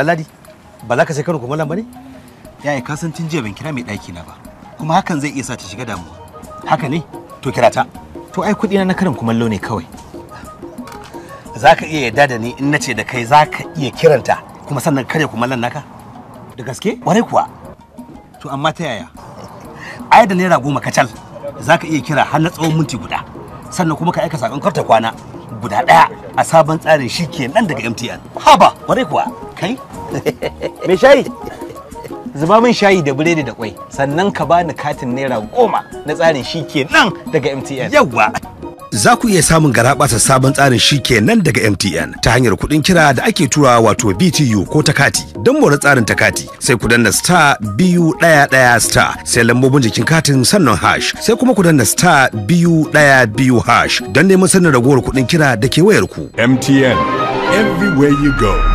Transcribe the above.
Ɗanladi, ba za ka sai karin kumallon ba ne? Yaya ka san tun jiya ban kira mai ɗaki na ba, kuma hakan zai iya sa ta shiga damuwa. Haka ne? To kira ta. To ai kuɗi na karin kumallo ne kawai. Za ka iya yarda da ni in na ce da kai za ka iya kiranta kuma sannan karya kumallon naka? Da gaske? Warai kuwa. To amma ta yaya? Ai da naira goma kacal za ka iya kira har na tsawon minti guda. Sannan kuma ka aika sakon karta kwana guda ɗaya a sabon tsarin shi ke nan daga mtn haba kwarai kuwa kai mai shayi zuba min shayi da biredi da kwai sannan ka bani katin naira goma na tsarin shi ke nan daga mtn yawwa za ku iya samun garaɓasa sabon tsarin shi nan daga MTN ta hanyar kuɗin kira da ake turawa wato BTU ko takati don more tsarin takati sai ku danna star biyu ɗaya ɗaya star sai lambobin jikin katin sannan hash sai kuma ku danna star biyu ɗaya biyu hash don neman sanin ragowar kuɗin kira da ke wayar ku. MTN everywhere you go.